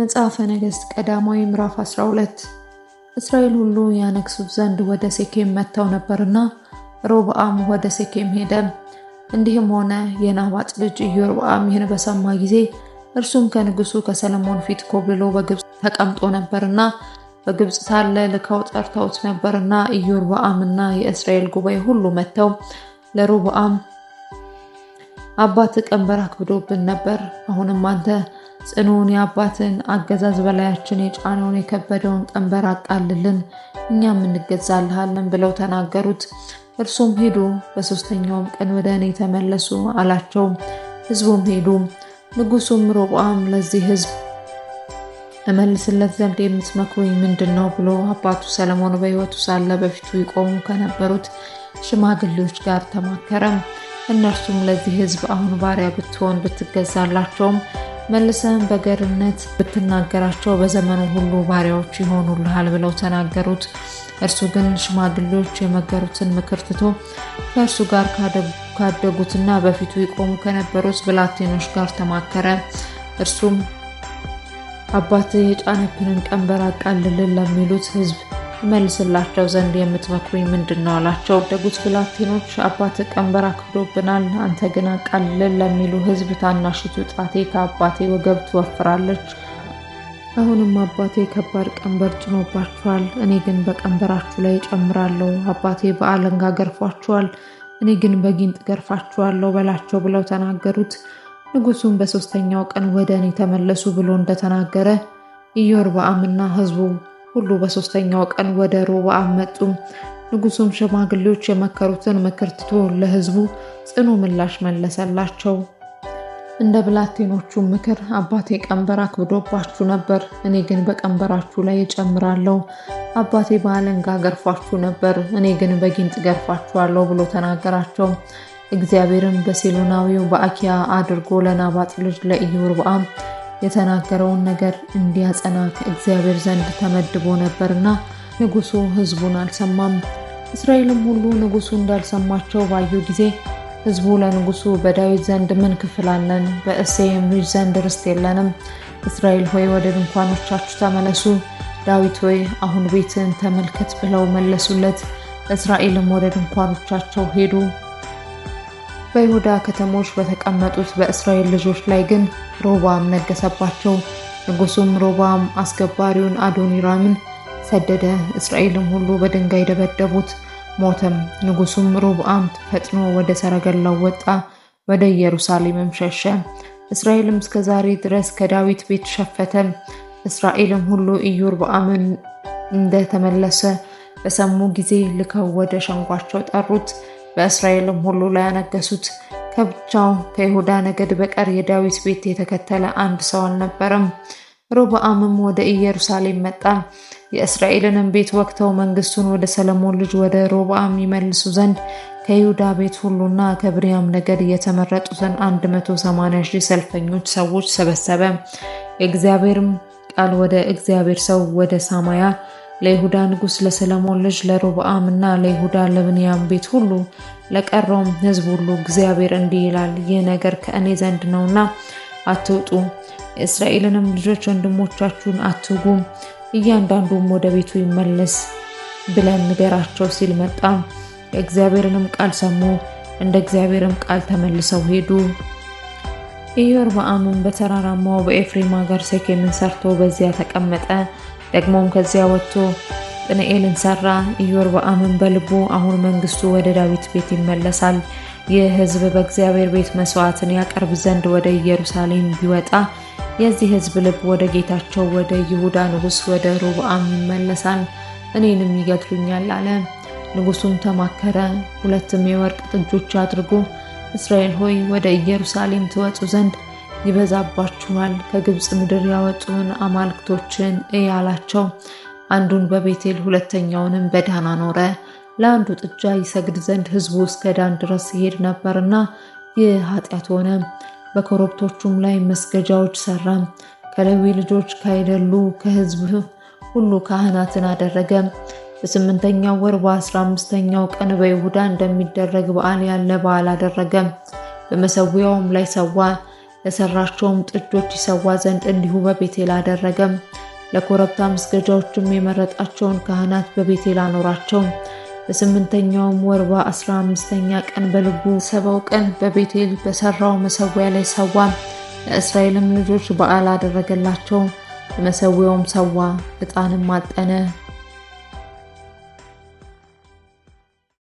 መጽሐፈ ነገሥት ቀዳማዊ ምዕራፍ 12 እስራኤል ሁሉ ያነግሱት ዘንድ ወደ ሴኬም መጥተው ነበርና ሮብአም ወደ ሴኬም ሄደ። እንዲህም ሆነ የናባጥ ልጅ ኢዮርብአም ይህን በሰማ ጊዜ እርሱም ከንጉሱ ከሰለሞን ፊት ኮብልሎ በግብፅ ተቀምጦ ነበርና በግብፅ ሳለ ልከው ጠርተውት ነበርና ኢዮርብአም የእስራኤል ጉባኤ ሁሉ መጥተው ለሮብአም አባት ቀንበር አክብዶብን ነበር፣ አሁንም አንተ ጽኑውን የአባትን አገዛዝ በላያችን የጫነውን የከበደውን ቀንበር አቃልልን እኛም እንገዛልሃለን ብለው ተናገሩት። እርሱም ሄዱ በሶስተኛውም ቀን ወደ እኔ ተመለሱ አላቸው። ሕዝቡም ሄዱ። ንጉሱም ሮብዓም ለዚህ ሕዝብ እመልስለት ዘንድ የምትመክሩኝ ምንድን ነው ብሎ አባቱ ሰለሞን በሕይወቱ ሳለ በፊቱ ይቆሙ ከነበሩት ሽማግሌዎች ጋር ተማከረም። እነርሱም ለዚህ ሕዝብ አሁን ባሪያ ብትሆን ብትገዛላቸውም መልሰን በገርነት ብትናገራቸው በዘመኑ ሁሉ ባሪያዎች ይሆኑልሃል ብለው ተናገሩት። እርሱ ግን ሽማግሌዎች የመገሩትን ምክር ትቶ ከእርሱ ጋር ካደጉትና በፊቱ ይቆሙ ከነበሩት ብላቴኖች ጋር ተማከረ። እርሱም አባት የጫነብንን ቀንበር አቃልልን ለሚሉት ሕዝብ መልስላቸው ዘንድ የምትመክሩኝ ምንድን ነው አላቸው። ደጉት ብላቴኖች አባት ቀንበር አክብዶብናል፣ አንተ ግን አቃልልን ለሚሉ ህዝብ ታናሽቱ ጣቴ ከአባቴ ወገብ ትወፍራለች። አሁንም አባቴ ከባድ ቀንበር ጭኖባችኋል፣ እኔ ግን በቀንበራችሁ ላይ ጨምራለሁ። አባቴ በአለንጋ ገርፏችኋል፣ እኔ ግን በጊንጥ ገርፋችኋለሁ በላቸው ብለው ተናገሩት። ንጉሱም በሶስተኛው ቀን ወደ እኔ ተመለሱ ብሎ እንደተናገረ ኢዮርብዓምና ህዝቡ። ሁሉ በሶስተኛው ቀን ወደ ሮብዓም መጡ። ንጉሱም ሽማግሌዎች የመከሩትን ምክር ትቶ ጽኑ ምላሽ መለሰላቸው። እንደ ብላቴኖቹ ምክር አባቴ ቀንበር አክብዶባችሁ ነበር፣ እኔ ግን በቀንበራችሁ ላይ እጨምራለሁ። አባቴ በአለንጋ ገርፏችሁ ነበር፣ እኔ ግን በጊንጥ ገርፋችኋለሁ ብሎ ተናገራቸው። እግዚአብሔርም በሴሎናዊው በአኪያ አድርጎ ለናባጥ ልጅ ለኢዮርብዓም የተናገረውን ነገር እንዲያጸና ከእግዚአብሔር ዘንድ ተመድቦ ነበርና ንጉሱ ህዝቡን አልሰማም። እስራኤልም ሁሉ ንጉሱ እንዳልሰማቸው ባዩ ጊዜ ህዝቡ ለንጉሱ በዳዊት ዘንድ ምን ክፍል አለን? በእሴይም ልጅ ዘንድ ርስት የለንም። እስራኤል ሆይ ወደ ድንኳኖቻችሁ ተመለሱ፣ ዳዊት ሆይ አሁን ቤትን ተመልከት ብለው መለሱለት። እስራኤልም ወደ ድንኳኖቻቸው ሄዱ። በይሁዳ ከተሞች በተቀመጡት በእስራኤል ልጆች ላይ ግን ሮባም ነገሰባቸው። ንጉሱም ሮባም አስገባሪውን አዶኒራምን ሰደደ። እስራኤልም ሁሉ በድንጋይ ደበደቡት፣ ሞተም። ንጉሱም ሮብአም ፈጥኖ ወደ ሰረገላው ወጣ፣ ወደ ኢየሩሳሌምም ሸሸ። እስራኤልም እስከ ዛሬ ድረስ ከዳዊት ቤት ሸፈተ። እስራኤልም ሁሉ ኢዮርብዓምን እንደተመለሰ በሰሙ ጊዜ ልከው ወደ ሸንጓቸው ጠሩት። በእስራኤልም ሁሉ ላይ ያነገሱት። ከብቻው ከይሁዳ ነገድ በቀር የዳዊት ቤት የተከተለ አንድ ሰው አልነበረም። ሮብዓምም ወደ ኢየሩሳሌም መጣ። የእስራኤልንም ቤት ወቅተው መንግስቱን ወደ ሰለሞን ልጅ ወደ ሮብዓም ይመልሱ ዘንድ ከይሁዳ ቤት ሁሉና ከብንያም ነገድ የተመረጡትን 180 ሺህ ሰልፈኞች ሰዎች ሰበሰበ። የእግዚአብሔርም ቃል ወደ እግዚአብሔር ሰው ወደ ሳማያ ለይሁዳ ንጉሥ ለሰለሞን ልጅ ለሮብዓም እና ለይሁዳ ለብንያም ቤት ሁሉ ለቀረውም ሕዝብ ሁሉ እግዚአብሔር እንዲህ ይላል፣ ይህ ነገር ከእኔ ዘንድ ነውና አትውጡ፣ የእስራኤልንም ልጆች ወንድሞቻችሁን አትጉ፣ እያንዳንዱም ወደ ቤቱ ይመለስ ብለን ንገራቸው ሲል መጣ። የእግዚአብሔርንም ቃል ሰሙ፣ እንደ እግዚአብሔርም ቃል ተመልሰው ሄዱ። ኢዮርብዓምም በተራራማው በኤፍሬም ሀገር ሴኬምን ሰርቶ በዚያ ተቀመጠ። ደግሞም ከዚያ ወጥቶ ጵንኤልን ሰራ። ኢዮርብዓምን በልቡ አሁን መንግስቱ ወደ ዳዊት ቤት ይመለሳል፣ ይህ ህዝብ በእግዚአብሔር ቤት መስዋዕትን ያቀርብ ዘንድ ወደ ኢየሩሳሌም ቢወጣ የዚህ ህዝብ ልብ ወደ ጌታቸው ወደ ይሁዳ ንጉሥ ወደ ሮብዓም ይመለሳል፣ እኔንም ይገድሉኛል አለ። ንጉሱም ተማከረ። ሁለትም የወርቅ ጥጆች አድርጎ እስራኤል ሆይ ወደ ኢየሩሳሌም ትወጡ ዘንድ ይበዛባችኋል፣ ከግብፅ ምድር ያወጡን አማልክቶችን እያላቸው አንዱን በቤቴል ሁለተኛውንም በዳን አኖረ። ለአንዱ ጥጃ ይሰግድ ዘንድ ሕዝቡ እስከ ዳን ድረስ ይሄድ ነበርና ይህ ኃጢአት ሆነ። በኮረብቶቹም ላይ መስገጃዎች ሰራ። ከሌዊ ልጆች ካይደሉ ከሕዝብ ሁሉ ካህናትን አደረገ። በስምንተኛው ወር በአስራ አምስተኛው ቀን በይሁዳ እንደሚደረግ በዓል ያለ በዓል አደረገ። በመሰዊያውም ላይ ሰዋ። ለሰራቸውም ጥጆች ይሰዋ ዘንድ እንዲሁ በቤቴል አደረገም። ለኮረብታ መስገጃዎችም የመረጣቸውን ካህናት በቤቴል አኖራቸው። በስምንተኛውም ወር በአስራ አምስተኛ ቀን በልቡ ሰበው ቀን በቤቴል በሰራው መሰዊያ ላይ ሰዋ። ለእስራኤልም ልጆች በዓል አደረገላቸው። በመሰዊያውም ሰዋ፣ ዕጣንም አጠነ።